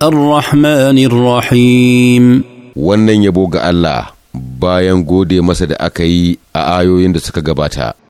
الرحمن الرحيم wannan yabo ga Allah bayan gode masa da aka yi a ayoyin da suka gabata